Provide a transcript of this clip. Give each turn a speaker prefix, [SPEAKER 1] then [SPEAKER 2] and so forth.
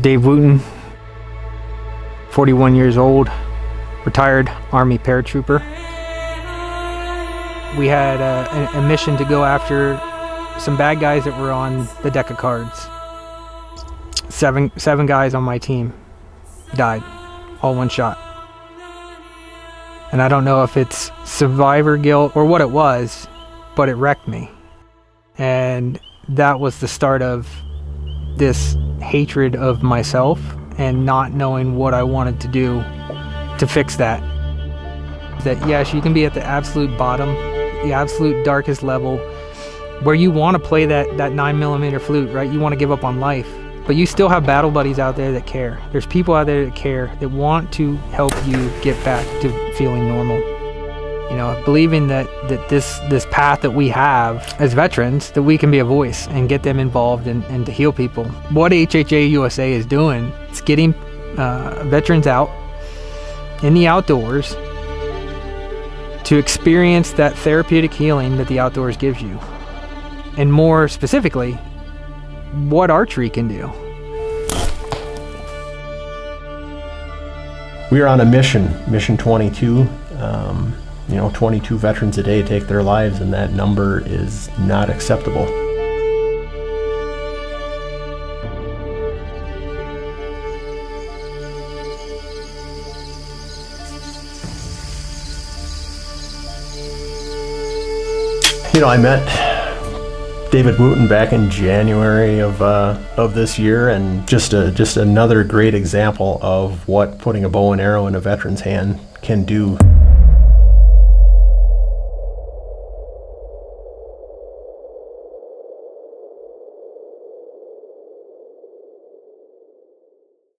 [SPEAKER 1] Dave Wooten, 41 years old, retired Army paratrooper.
[SPEAKER 2] We had uh, a, a, mission to go after some bad guys that were on the deck of cards. Seven, seven guys on my team died, all one shot. And I don't know if it's survivor guilt or what it was, but it wrecked me. And that was the start of this hatred of myself and not knowing what I wanted to do to fix that. That, yes, you can be at the absolute bottom, the absolute darkest level, where you want to play that, that 9 millimeter flute, right? You want to give up on life. But you still have battle buddies out there that care. There's people out there that care, that want to help you get back to feeling normal you know, believing that, that this, this path that we have as veterans, that we can be a voice and get them involved and, and to heal people. What HHA USA is doing, it's getting uh, veterans out in the outdoors to experience that therapeutic healing that the
[SPEAKER 3] outdoors gives you. And
[SPEAKER 2] more specifically, what archery can do.
[SPEAKER 3] We are on a mission, Mission 22. Um, you know, 22 veterans a day take their lives, and that number is not acceptable. You know, I met David Wooten back in January of uh, of this year, and just a, just another great example of what putting a bow and arrow in a veteran's hand can do.